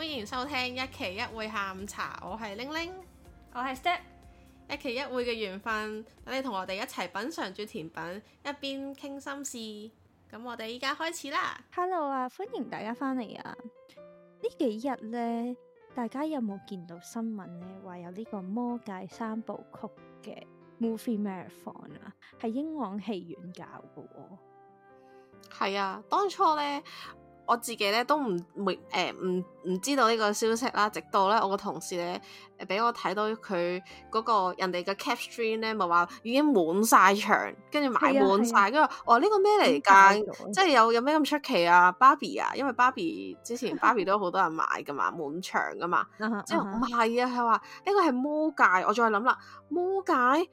歡迎收聽一期一會下午茶，我係玲玲，我係是 Step，一期一會嘅緣分，等你同我哋一齊品嘗住甜品，一邊傾心事。咁我哋依家開始啦。Hello 啊，歡迎大家翻嚟啊！呢幾日呢，大家有冇見到新聞呢？話有呢個魔戒三部曲嘅 Movie Marathon 啊，係英皇戲院搞㗎。係啊，當初呢。我自己咧都唔誒唔唔知道呢個消息啦，直到咧我個同事咧俾、呃、我睇到佢嗰、那個人哋嘅 caption 咧，咪話已經滿晒場，跟住買滿晒，跟住、啊啊、哦，呢個咩嚟噶？即係有有咩咁出奇啊？Barbie 啊，因為 Barbie 之前 Barbie 都好多人買噶嘛，滿場噶嘛。即、uh huh, uh huh. 後唔係啊，佢話呢個係魔戒。我再諗啦，魔戒？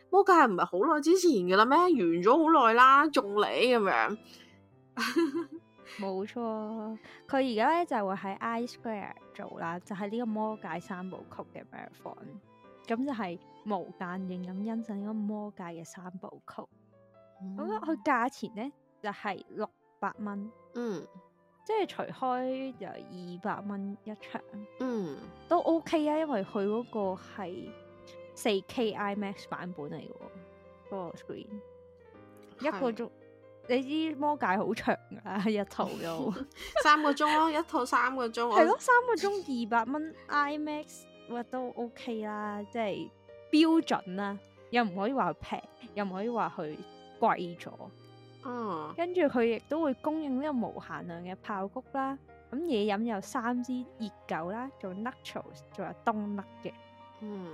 魔戒唔係好耐之前噶啦咩？完咗好耐啦，仲嚟咁樣。 冇錯，佢而家咧就會喺 iSquare 做啦，就係呢個魔戒三部曲嘅 Marathon，咁就係無間斷咁欣賞呢個魔戒嘅三部曲。咁佢價錢咧就係六百蚊，嗯，嗯即係除開就二百蚊一場，嗯，都 OK 啊，因為佢嗰個係四 K IMAX 版本嚟嘅 full screen 一個鐘。你知魔戒好長啊，一套又 三個鐘咯、啊， 一套三個鐘。係咯 我，三個鐘二百蚊 IMAX，哇都 OK 啦，即係標準啦、啊，又唔可以話平，又唔可以話佢貴咗。啊、嗯！跟住佢亦都會供應呢個無限量嘅爆谷啦，咁嘢飲有三支熱狗啦，仲 nachos，仲有冬甩嘅。嗯，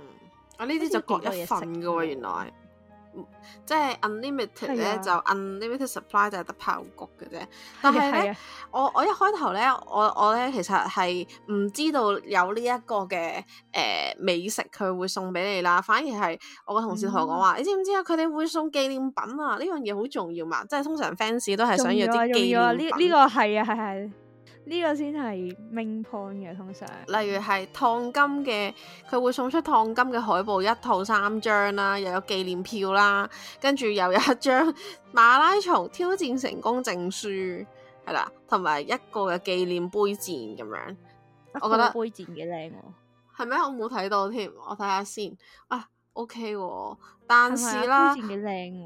啊呢啲就各一份嘅喎、啊，原來。即係 unlimited 咧，啊、就 unlimited supply 就係得爆谷嘅啫。啊、但係咧，啊、我我一開頭咧，我我咧其實係唔知道有呢一個嘅誒、呃、美食佢會送俾你啦。反而係我個同事同我講話，嗯、你知唔知啊？佢哋會送紀念品啊！呢樣嘢好重要嘛。即係通常 fans 都係想要啲紀念品呢呢、啊啊這個係啊係係。呢個先係 main point 嘅，通常例如係燙金嘅，佢會送出燙金嘅海報一套三張啦，又有紀念票啦，跟住又有一張馬拉松挑戰成功證書，係啦，同埋一個嘅紀念杯墊咁樣。啊、我覺得杯墊幾靚喎。係咩？我冇睇到添，我睇下先啊。O、okay、K，哦、但係好似幾靚喎，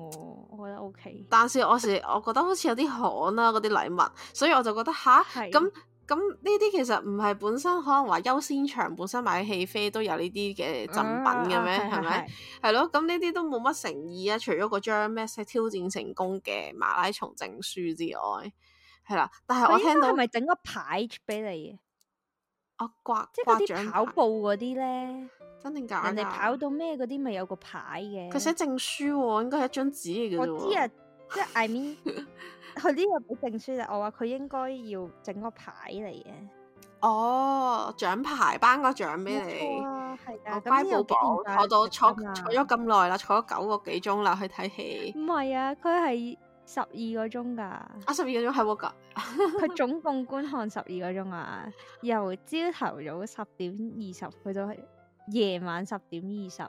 我覺得 O、okay、K。但係我是我覺得好似有啲寒啦，嗰啲禮物，所以我就覺得吓，咁咁呢啲其實唔係本身可能話優先場本身買戲飛都有呢啲嘅贈品嘅咩？係咪？係咯，咁呢啲都冇乜誠意啊！除咗個張咩嘢挑戰成功嘅馬拉松證書之外，係啦。但係我聽到係咪整個牌俾你？啊、哦，刮即係嗰啲跑步嗰啲咧，真定假？人哋跑到咩嗰啲咪有個牌嘅？佢寫證書喎、哦，應該係一張紙嚟嘅。我知啊，即係 I mean，佢呢日俾證書，就我話佢應該要整個牌嚟嘅。哦，獎牌頒個獎俾你，係啊。我乖寶寶坐到坐坐咗咁耐啦，坐咗九個幾鐘啦，去睇戲。唔係啊，佢係。十二個鐘噶，啊，啊十二個鐘係喎，佢 總共觀看十二個鐘啊，由朝頭早十點二十去到夜晚十點二十，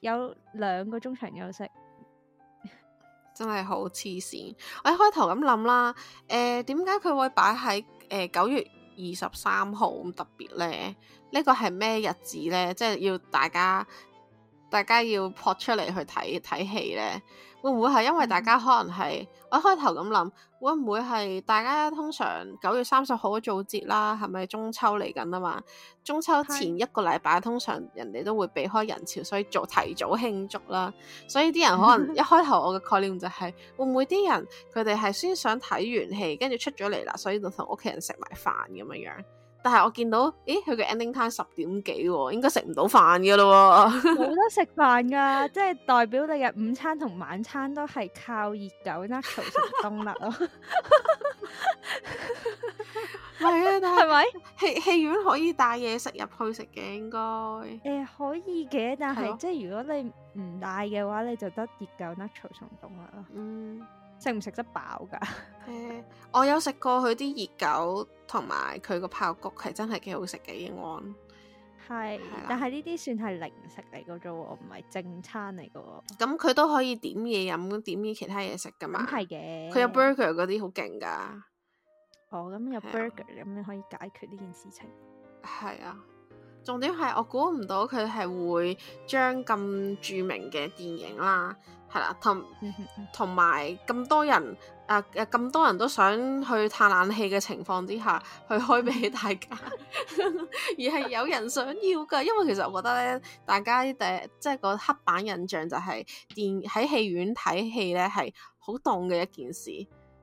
有兩個中場休息， 真係好黐線！我一開頭咁諗啦，誒、呃，點解佢會擺喺誒九月二十三號咁特別咧？呢個係咩日子咧？即係要大家大家要撲出嚟去睇睇戲咧？會唔會係因為大家可能係、嗯、我一開頭咁諗，會唔會係大家通常九月三十號做節啦，係咪中秋嚟緊啊嘛？中秋前一個禮拜是通常人哋都會避開人潮，所以做提早慶祝啦。所以啲人可能一開頭我嘅概念就係、是、 會唔會啲人佢哋係先想睇完戲，跟住出咗嚟啦，所以就同屋企人食埋飯咁樣樣。但係我見到，誒，佢個 ending time 十點幾喎，應該食唔到飯噶咯，冇得食飯噶，即係代表你嘅午餐同晚餐都係靠熱狗、nacho 同冬甩啦。唔係啊，但係咪戲戲院可以帶嘢食入去食嘅應該？誒，可以嘅，但係即係如果你唔帶嘅話，你就得熱狗、nacho 同冬甩啦。嗯。食唔食得飽㗎？誒、 欸，我有食過佢啲熱狗同埋佢個爆谷，係真係幾好食嘅英皇。係是，的但係呢啲算係零食嚟嘅啫喎，唔係正餐嚟嘅喎。咁佢都可以點嘢飲，點啲其他嘢食㗎嘛。係嘅，佢有 burger 嗰啲好勁㗎。哦，咁有 burger 咁的樣可以解決呢件事情。係啊，重點係我估唔到佢係會將咁著名嘅電影啦。係啦，同同埋咁多人，誒、啊、咁、啊、多人都想去嘆冷氣嘅情況之下，去開俾大家， 而係有人想要噶。因為其實我覺得咧，大家第即係個黑板印象就係電喺戲院睇戲咧係好凍嘅一件事，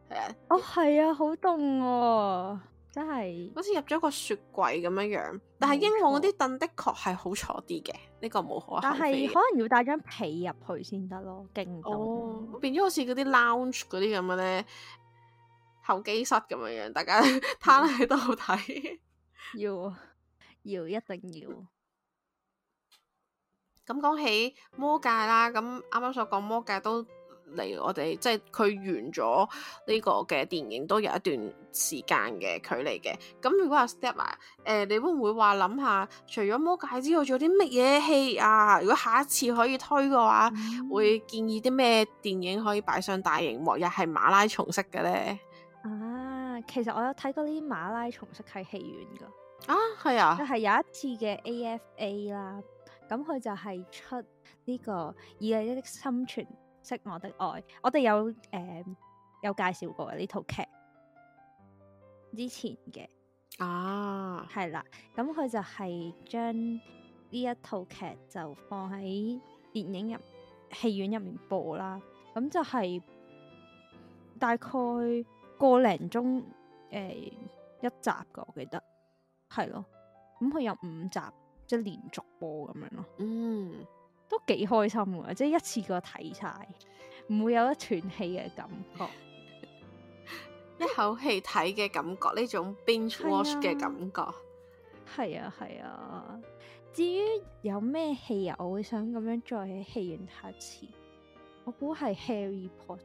係啊。哦，係啊，好凍哦。真係好似入咗個雪櫃咁樣樣，錯但係英皇嗰啲凳的確係好坐啲嘅，呢、這個冇可能。但係可能要帶張被入去先得咯，勁凍、哦。變咗好似嗰啲 lounge 嗰啲咁樣咧，候機室咁樣樣，大家攤喺度好睇。要，要，一定要。咁講、嗯、起魔戒啦，咁啱啱所講魔戒都。嚟我哋即係佢完咗呢個嘅電影都有一段時間嘅距離嘅。咁如果阿 Step 埋，誒，你會唔會話諗下，除咗《魔戒》之外，仲有啲乜嘢戲啊？如果下一次可以推嘅話，會建議啲咩電影可以擺上大熒幕，又係馬拉松式嘅咧？啊，其實我有睇過啲馬拉松式喺戲院噶。啊，係啊。就係有一次嘅 AFA 啦，咁佢就係出呢個《異一的生存》。識我的愛，我哋有，誒、呃、有介紹過呢套劇之前嘅啊，係啦，咁佢就係將呢一套劇就放喺電影入戲院入，入，入面播啦，咁就係大概個零鐘誒、呃、一集嘅，我記得係咯，咁佢有五集即係、就是、連續播咁樣咯，嗯。都幾開心嘅，即係一次過睇晒，唔會有一團戲嘅感覺，一口氣睇嘅感覺，呢種 binge watch 嘅感覺。係啊係啊，啊，至於有咩戲啊，我會想咁樣再喺戲院睇一次。我估係《Harry Potter》。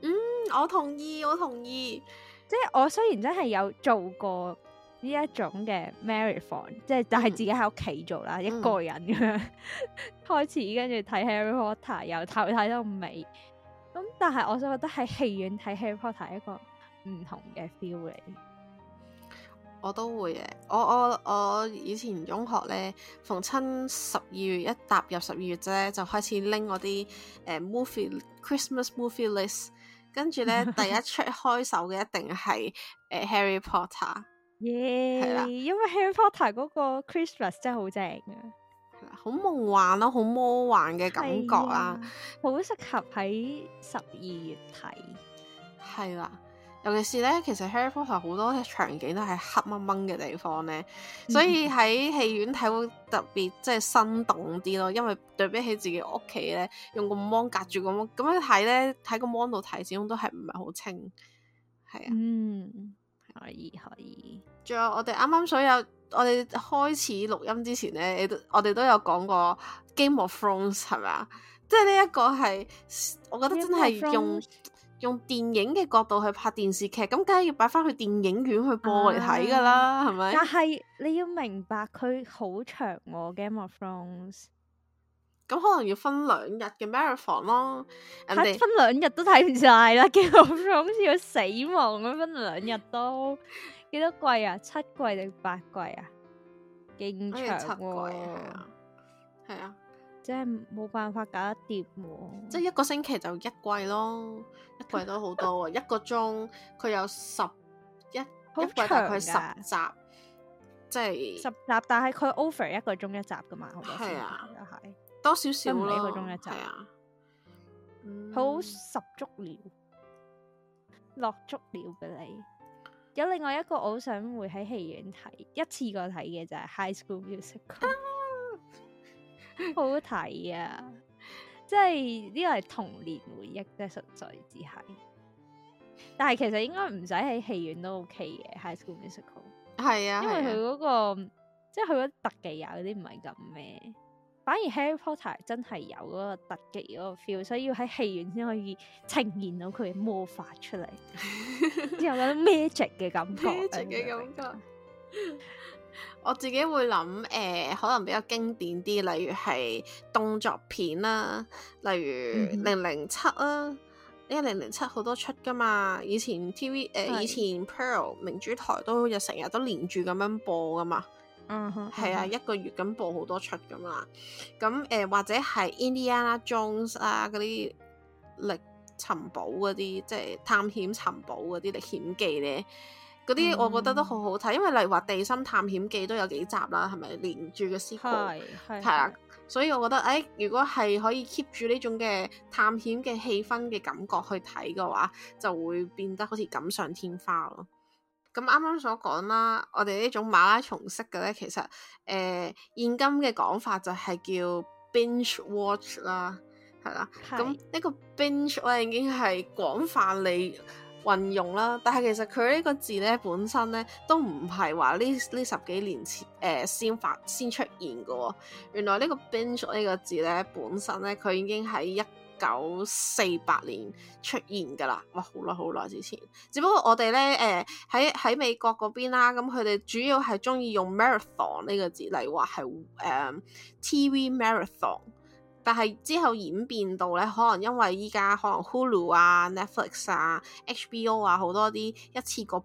嗯，我同意，我同意。即係我雖然真係有做過。呢一種嘅 marathon、嗯、即係就係自己喺屋企做啦，嗯、一個人咁、嗯、 開始，跟住睇 Harry Potter，由頭睇到尾。咁但係我想覺得喺戲院睇 Harry Potter 一個唔同嘅 feel 嚟。我都會嘅，我我我以前中學咧，逢親十二月一踏入十二月啫，就開始拎我啲誒、呃、movie Christmas movie list，跟住咧第一出開首嘅一定係誒、呃、Harry Potter。耶，係啦，因為《Harry Potter》嗰個 Christmas 真係好正啊，係啦，好夢幻咯、啊，好魔幻嘅感覺啊。好適合喺十二月睇，係啦，尤其是咧，其實《Harry Potter》好多場景都係黑掹掹嘅地方咧，嗯、所以喺戲院睇會特別即係生動啲咯，因為對比起自己屋企咧，用個 Mon 隔住咁樣咁樣睇咧，睇個 Mon 度睇始終都係唔係好清，係啊，嗯。可以可以，仲有我哋啱啱所有我哋開始錄音之前咧，我哋都有講過《Game of Thrones》係咪啊？即係呢一個係，我覺得真係用 of 用電影嘅角度去拍電視劇，咁梗係要擺翻去電影院去播嚟睇噶啦，係咪、嗯？吧但係你要明白，佢好長喎，個《Game of Thrones》。咁可能要分兩日嘅 marathon 咯，看你分兩日都睇唔晒啦，結果好似要死亡咁，分兩日都幾多季啊？七季定八季啊？勁長喎，係啊，嗯、啊啊即係冇辦法搞得掂喎、啊，即係一個星期就一季咯，一季都好多啊， 一個鐘佢有十一好長一季大概十集，即係十集，但係佢 over 一個鐘一集噶嘛，好係啊，又係、啊。多少少理咯，係啊，好、嗯、十足料，落足料俾你。有另外一個我好想會喺戲院睇，一次過睇嘅就係《High School Musical》，好睇啊！即係呢個係童年回憶，即係實在只係。但係其實應該唔使喺戲院都 OK 嘅，《High School Musical》係啊，因為佢嗰個即係佢嗰啲特技啊，嗰啲唔係咁咩？反而《Harry Potter》真係有嗰個特技嗰個 feel，所以要喺戲院先可以呈現到佢嘅魔法出嚟，之後有啲 magic 嘅感覺。嘅感覺。 我自己會諗誒、呃，可能比較經典啲，例如係動作片啦，例如 7,、嗯《零零七》啦，因為零零七好多出噶嘛。以前 TV 誒、呃、是以前 Pearl 明珠台都有成日都連住咁樣播噶嘛。嗯哼，係啊，嗯、哼一個月咁播好多出，噶嘛，咁誒、呃、或者係 Indiana Jones 啊嗰啲歷尋寶嗰啲，即係、就是、探險尋寶嗰啲歷險記咧，嗰啲我覺得都好好睇，嗯、因為例如話地心探險記都有幾集啦，係咪連住嘅 sequel？係係啊，的所以我覺得誒、哎，如果係可以 keep 住呢種嘅探險嘅氣氛嘅感覺去睇嘅話，就會變得好似錦上添花咯。咁啱啱所講啦，我哋呢種馬拉松式嘅咧，其實誒、呃、現今嘅講法就係叫 binge watch 啦，係啦。咁是、e、呢個 binge 咧已經係廣泛嚟運用啦，但係其實佢呢個字咧本身咧都唔係話呢呢十幾年前誒、呃、先發先出現嘅喎、哦，原來呢個 binge 呢個字咧本身咧佢已經喺一九四八年出現㗎啦，哇！好耐好耐之前，只不過我哋咧誒喺喺美國嗰邊啦，咁佢哋主要係鍾意用 marathon 呢個字，例如話係誒 TV marathon，但係之後演變到咧，可能因為依家可能 Hulu 啊、Netflix 啊、HBO 啊好多啲一,一次過。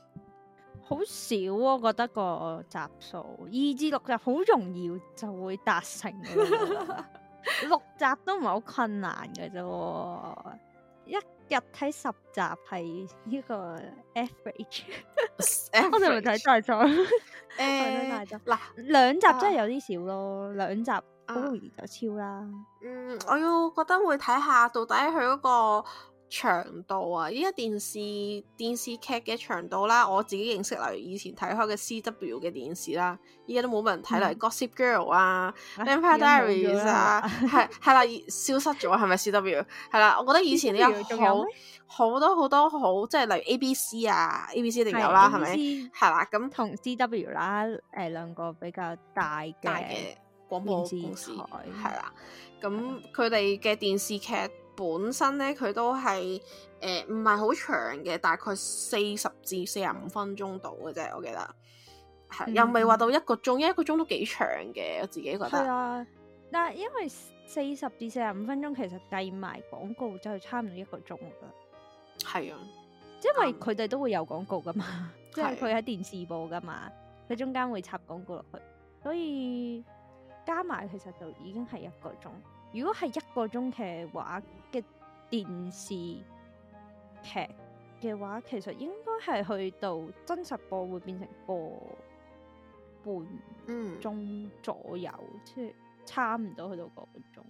好少啊，我覺得個集數二至六集好容易就會達成， 六集都唔係好困難嘅啫、啊。一日睇十集係呢、呢個 average。Verage, A verage, 我哋咪睇大作，誒嗱兩集真係有啲少咯，uh, 兩集好容易就超啦。Uh, 嗯，我要覺得會睇下到底佢嗰、嗰個。長度啊！依家電視電視劇嘅長度啦，我自己認識，例如以前睇開嘅 C W 嘅電視啦，依家都冇人睇啦，《Gossip Girl》啊，《Vampire Diaries》啊，係係啦，消失咗係咪 C W？係啦，我覺得以前呢有好好多好多好，即係例如 A B C 啊，A B C 定有啦，係咪？係啦，咁同 C W 啦，誒兩個比較大嘅廣播電視台，係啦，咁佢哋嘅電視劇。本身咧佢都係，誒唔係好長嘅，大概四十至四十五分鐘到嘅啫，我記得。又未話到一個鐘，因為一個鐘都幾長嘅，我自己覺得。係啊，嗱，因為四十至四十五分鐘其實計埋廣告就係差唔多一個鐘啦。係啊，因為佢哋都會有廣告噶嘛，即係佢喺電視播噶嘛，佢是中間會插廣告落去，所以加埋其實就已經係一個鐘。如果係一個鐘嘅話嘅電視劇嘅話，其實應該係去到真實播會變成個半鐘左右，即係、嗯、差唔多去到個半鐘。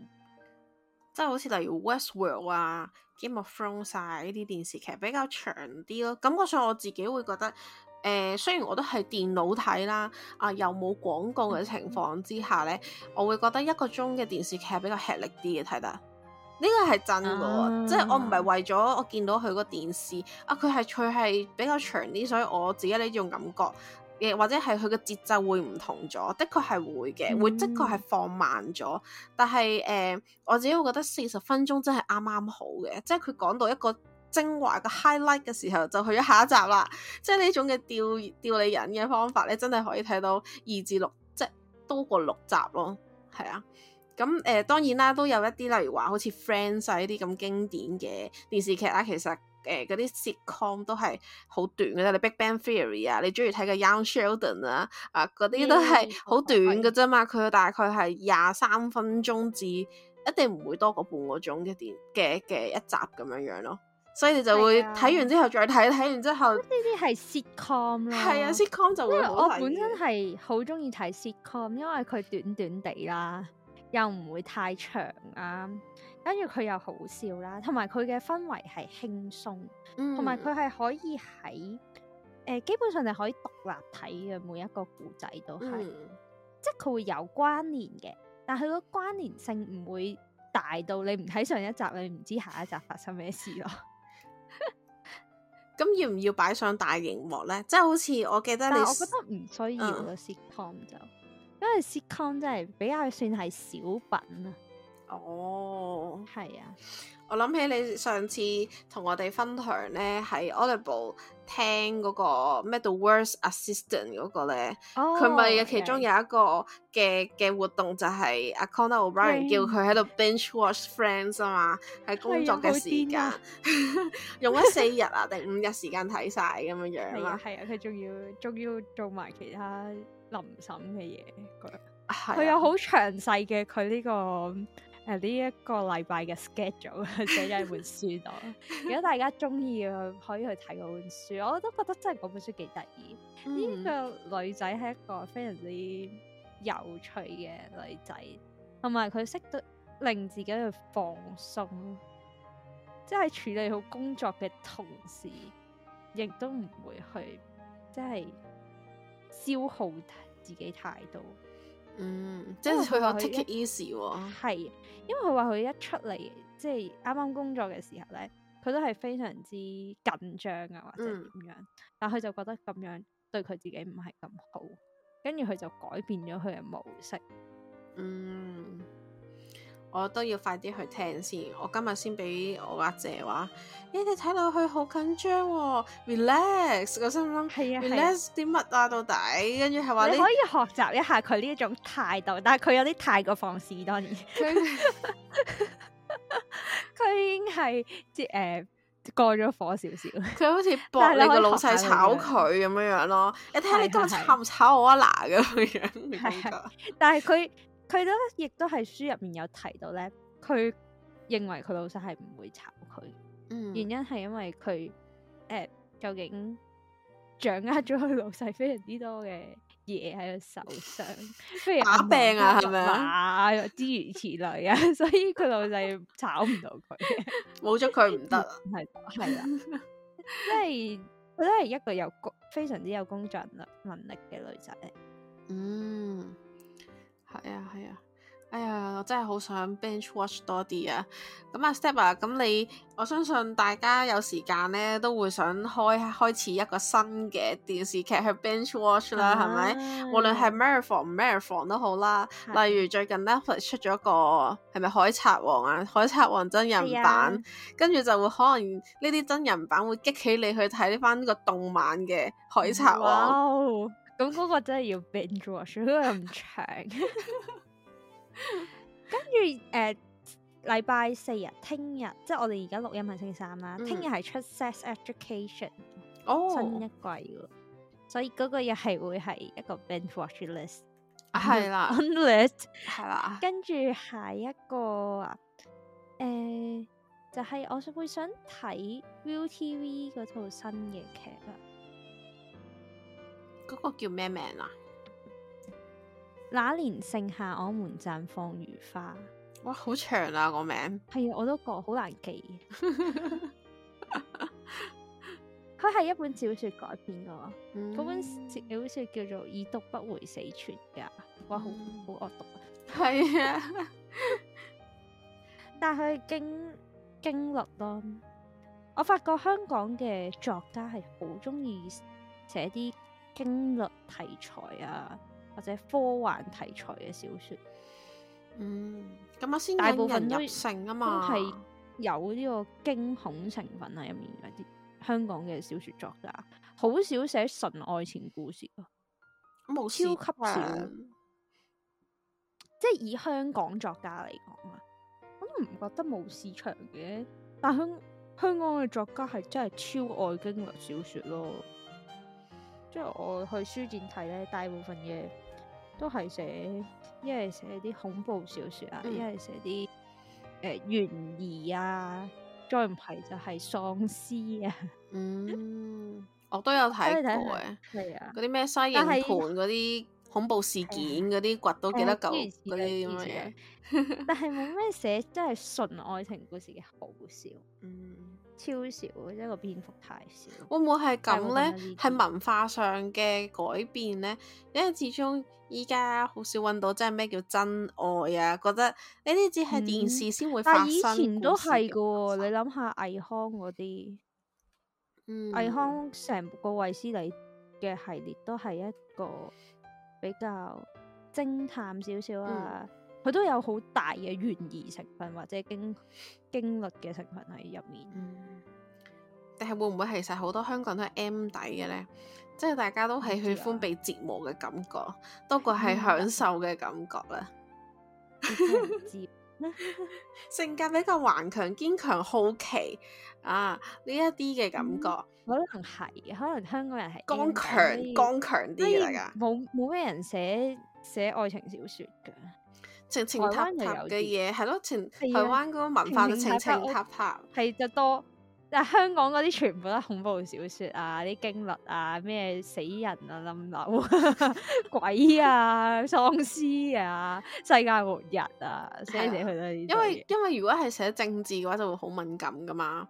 即係好似例如《Westworld》啊，《Game of Thrones》曬呢啲電視劇比較長啲咯，感覺上我自己會覺得。誒、呃、雖然我都係電腦睇啦，啊又冇廣告嘅情況之下呢，嗯、我會覺得一個鐘嘅電視劇比較吃力啲嘅睇得，呢個係真嘅，嗯、即係我唔係為咗我見到佢個電視啊，佢係佢係比較長啲，所以我自己呢種感覺，亦或者係佢個節奏會唔同咗，的確係會嘅，嗯、會的確係放慢咗。但係誒、呃，我自己會覺得四十分鐘真係啱啱好嘅，即係佢講到一個。精華嘅 highlight 嘅時候就去咗下一集啦，即係呢種嘅吊吊你癮嘅方法咧，真係可以睇到二至六，即係多過六集咯，係啊。咁誒、呃，當然啦，都有一啲例如話好似 Friends 呢啲咁經典嘅電視劇啦，其實誒嗰啲 sitcom 都係好短嘅，你 Big Bang Theory 啊，你中意睇個 Young Sheldon 啊，啊嗰啲都係好短嘅啫嘛，佢大概係廿三分鐘至一定唔會多過半個鐘嘅電嘅嘅一集咁樣樣咯。所以你就會睇完之後再睇，睇、啊、完之後呢啲係 sitcom 咯，係些 啊 sitcom 就會， 我本身係好中意睇 sitcom，因為佢短短地啦，又唔會太長啊，跟住佢又好笑啦，同埋佢嘅氛圍係輕鬆，同埋佢係可以喺誒、呃、基本上你可以獨立睇嘅每一個故仔都係，嗯、即係佢會有關聯嘅，但係個關聯性唔會大到你唔睇上一集你唔知下一集發生咩事咯。 咁要唔要擺上大熒幕咧？即係好似我記得你，但係我覺得唔需要咯 sitcom、嗯、就，因為 sitcom 真係比較算係小品啊。哦，係、oh, 啊！我諗起你上次同我哋分享咧，喺 Audible 聽嗰、那個 Medal Words Assistant 嗰、那個咧，佢咪、oh, 其中有一個嘅嘅對活動就係阿 Conan O'Brien 對叫佢喺度 binge watch Friends 啊嘛，喺工作嘅時間用咗四日啊定五日時間睇晒咁樣樣啊，係 啊！佢仲、 啊啊、要仲要做埋其他臨審嘅嘢，佢佢、啊、有好詳細嘅佢呢個。 係呢一個禮拜嘅 schedule 寫咗一本書咯，如果大家中意，可以去睇嗰本書，我都覺得真係嗰本書幾得意。呢、嗯、個女仔係一個非常之有趣嘅女仔，同埋佢識得令自己去放鬆，即係處理好工作嘅同時，亦都唔會去即係消耗自己太多。嗯，即係佢話 take it easy 係，因為佢話佢一出嚟， 即係啱啱工作嘅時候咧，佢都係非常之緊張啊，或者點樣，嗯、但佢就覺得咁樣對佢自己唔係咁好，跟住佢就改變咗佢嘅模式。嗯。我都要快啲去聽先。我今日先俾我阿姐話，欸：，你哋睇落去好緊張，relax，哦。我心諗，係啊，relax 啲乜啊，啊到底？跟住係話你可以學習一下佢呢一種態度，但係佢有啲太過放肆當然他。佢 已經係即係誒過咗火少少。佢好似搏你個老細炒佢咁樣樣咯。你睇下你今日炒唔炒我阿娜咁樣樣，你覺得？但係佢。 佢都亦都係書入面有提到咧，佢認為佢老細係唔會炒佢，嗯、原因係因為佢誒、欸、究竟掌握咗佢老細非常之多嘅嘢喺佢手上，譬如打病啊，係咪啊，之嗎、啊、如此類啊， 所以佢老細炒唔到佢，冇咗佢唔得啊，係啦， 即係佢都係一個有非常之有工作人力能力嘅女仔，嗯。係啊係啊，哎呀，我真係好想 binge watch 多啲啊！咁啊，Step 啊，咁你我相信大家有時間咧，都會想開開始一個新嘅電視劇去 binge watch 啦，係咪、uh huh.？無論係 Marathon 唔 Marathon 都好啦，uh huh. 例如最近 Netflix 出咗一個係咪、啊《海賊王》啊，《海賊王》真人版，uh huh. 跟住就會可能呢啲真人版會激起你去睇翻呢個動漫嘅《海賊王》uh。Huh. 咁嗰個真係要 binge watch，佢又唔長。 跟住誒，禮、呃、拜四日，聽日即係我哋而家錄音係星期三啦，聽日係出 sex、嗯、education，新一季喎，哦、所以嗰個又係會係一個 binge watch list，係啦 list 係、啊、啦。跟住下一個誒、呃，就係、是、我想會想睇 ViuTV 嗰套新嘅劇啊。嗰個叫咩名啊，啊？那年盛夏，我們綻放如花。哇，好長啊，個名。係啊，我都覺好難記。佢 係 一本小說改編㗎。嗰、嗯、本小說叫做《已讀不回》，死傳㗎。哇，好好惡毒啊！係 啊是的， 但係佢經經歷囉，我發覺香港嘅作家係好中意寫啲驚悚題材啊，或者科幻題材嘅小說，嗯，咁啊，先大部分引人入勝啊嘛，都係有呢個驚恐成分喺入面。啲香港嘅小說作家好少寫純愛情故事咯，冇超級少，即係以香港作家嚟講啊，我都唔覺得冇市場嘅。但香香港嘅作家係真係超愛驚慄小說咯。即係我去書展睇咧，大部分嘢都係寫，一係寫啲恐怖小説啊，一係寫啲誒懸疑啊，再唔係就係喪屍啊。嗯，我都有睇過嘅，係啊，嗰啲咩西營盤嗰啲恐怖事件嗰啲掘到幾多嚿嗰啲咁樣。但係冇咩寫真係純愛情故事嘅好少。嗯。.超少，即、這、係個蝙蝠太少。會唔會係咁咧？係 文化上嘅改變咧？因為始終依家好少揾到，即係咩叫真愛啊？覺得呢啲只係電視先會發生、嗯。但係以前都係噶， 你諗下倪匡嗰啲，嗯，倪匡成個《衛斯理》嘅系列都係一個比較偵探少少啊。嗯。佢都有好大嘅懸疑成分或者經經歷嘅成分喺入面，但係、嗯、會唔會其實好多香港人都係 M 底嘅咧？即係大家都係喜歡被折磨嘅感覺，啊、多過係享受嘅感覺啦。嗯、 性格比較頑強、堅強、好奇啊，呢一啲嘅感覺、嗯、可能係，可能香港人係剛強、剛強啲嚟噶，冇冇咩人寫寫愛情小說噶。情情塔塔嘅嘢係咯，全台灣嗰個的文化嘅情情塔塔係就多，但香港嗰啲全部都恐怖小説啊，啲驚慄啊，咩死人啊、冧樓 鬼啊、 喪屍啊、世界末日啊，寫寫佢都係。因為因為如果係寫政治嘅話，就會好敏感㗎嘛。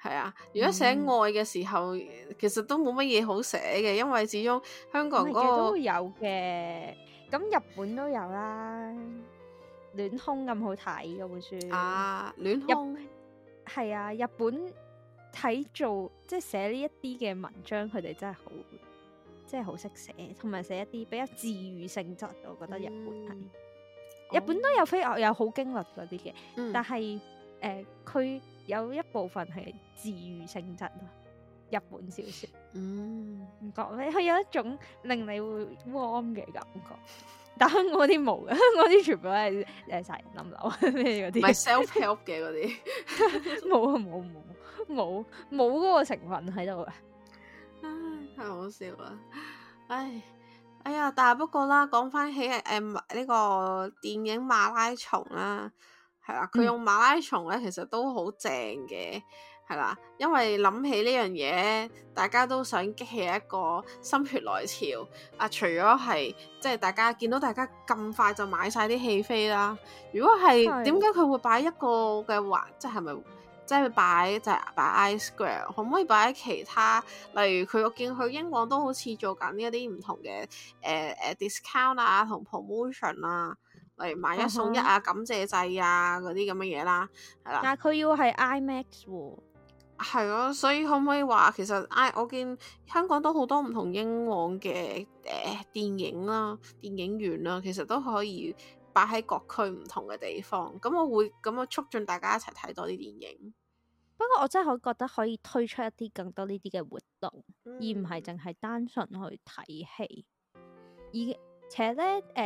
係啊，如果寫愛嘅時候，嗯、其實都冇乜嘢好寫嘅，因為始終香港都、那個嗯、有嘅，咁日本都有啦。暖空咁好睇嗰本書啊，暖空係啊，日本睇做即係寫呢一啲嘅文章，佢哋真係好，即係好識寫，同埋寫一啲比較治愈性質，我覺得日本係，嗯、日本都有非常有好驚慄嗰啲嘅，嗯、但係誒佢有一部分係治愈性質日本小說，嗯，唔覺咩？佢有一種令你會 warm 嘅感覺。但香港啲冇嘅，香港啲全部係誒殺人案流啊咩嗰啲。咪 self help 嘅嗰啲，冇啊冇冇冇冇嗰個成分喺度嘅。 唉，太好笑啦、啊！唉，哎呀，但係不過啦，講翻起誒呢、呃這個電影馬拉松啦，係啦，佢、嗯、用馬拉松咧，其實都好正嘅。係啦，因為諗起呢樣嘢，大家都想激起一個心血來潮啊！除咗係即係大家見到大家咁快就買晒啲戲飛啦，如果係點解佢會擺一個嘅話，即係咪即係擺就係、是、擺 iSQUARE 可唔可以擺喺其他？例如佢我見佢英皇都好似做緊呢一啲唔同嘅誒誒 discount 啊同 promotion 啊，例如買一送一啊、嗯、哼感謝祭啊嗰啲咁嘅嘢啦，係啦。但係佢要係 IMAX 喎、哦。係咯，所以可唔可以話其實？唉、哎，我見香港都好多唔同英皇嘅誒電影啦，電影院啦，其實都可以擺喺各區唔同嘅地方。咁我會咁樣促進大家一齊睇多啲電影。不過我真係覺得可以推出一啲更多呢啲嘅活動，嗯、而唔係淨係單純去睇戲。而且咧，誒、呃、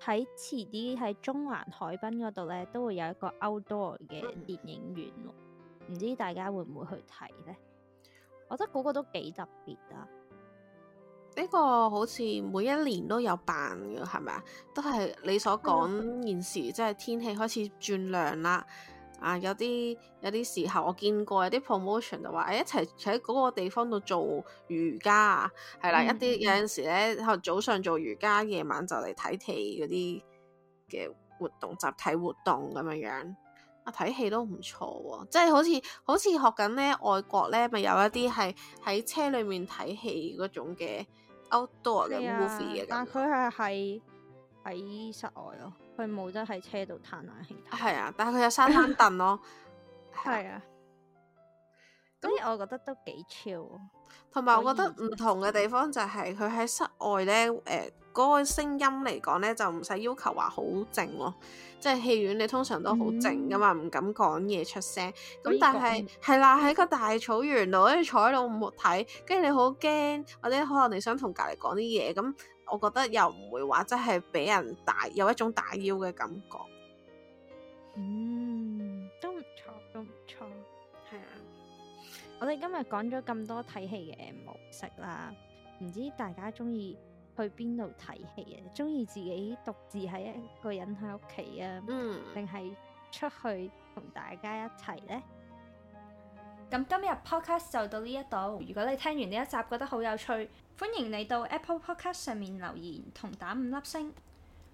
喺遲啲喺中環海濱嗰度咧，都會有一個 outdoor 嘅電影院、嗯唔知大家會唔會去睇呢？我覺得嗰個都幾特別啊！呢個好似每一年都有辦嘅，係咪啊？都係你所講現時，即係 天氣開始轉涼啦。啊，有啲有啲時候我見過有啲 promotion 就話誒、哎、一齊喺嗰個地方度做瑜伽啊，係啦，一啲 有陣時咧，可能早上做瑜伽，夜晚就嚟睇戲嗰啲嘅活動，集體活動咁樣樣。啊！睇戲都唔錯喎，即係好似好似學緊咧外國咧，咪有一啲係喺車裏面睇戲嗰種嘅 outdoor 嘅 movie 嘅、啊，樣但佢係係喺室外咯、哦，佢冇得喺車度攤冷氣。係 啊，但係佢有沙灘凳咯。係啊， 啊所以我覺得都幾 chill，哦。同埋我覺得唔同嘅地方就係佢喺室外咧，誒、呃、嗰、那個聲音嚟講咧就唔使要求話好靜咯，即係戲院你通常都好靜噶嘛，唔、嗯、敢講嘢出聲。咁但係是係、嗯、啦喺個大草原度，跟住坐喺度冇睇，跟住你好驚，或者可能你想同隔籬講啲嘢，咁我覺得又唔會話即係俾人打有一種打擾嘅感覺。嗯，都唔錯，都唔錯，係啊。我哋今日講咗咁多睇戲嘅模式啦，唔知大家中意去邊度睇戲啊？中意自己獨自喺一個人喺屋企啊，定係、嗯、出去同大家一齊呢？咁今日 podcast 就到呢一度。如果你聽完呢一集覺得好有趣，歡迎你到 Apple Podcast 上面留言同打五粒星。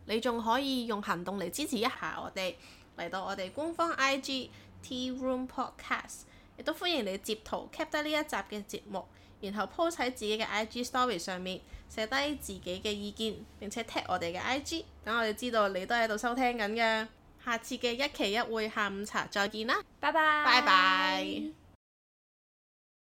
你仲可以用行動嚟支持一下我哋，嚟到我哋官方 IG Tea Room Podcast。亦都歡迎你截圖 keep 得呢一集嘅節目，然後 po 喺自己嘅 IG story 上面，寫低自己嘅意見，並且 tag 我哋嘅 IG，等我哋知道你都喺度收聽緊嘅。下次嘅一期一會下午茶，再見啦，拜拜，拜拜。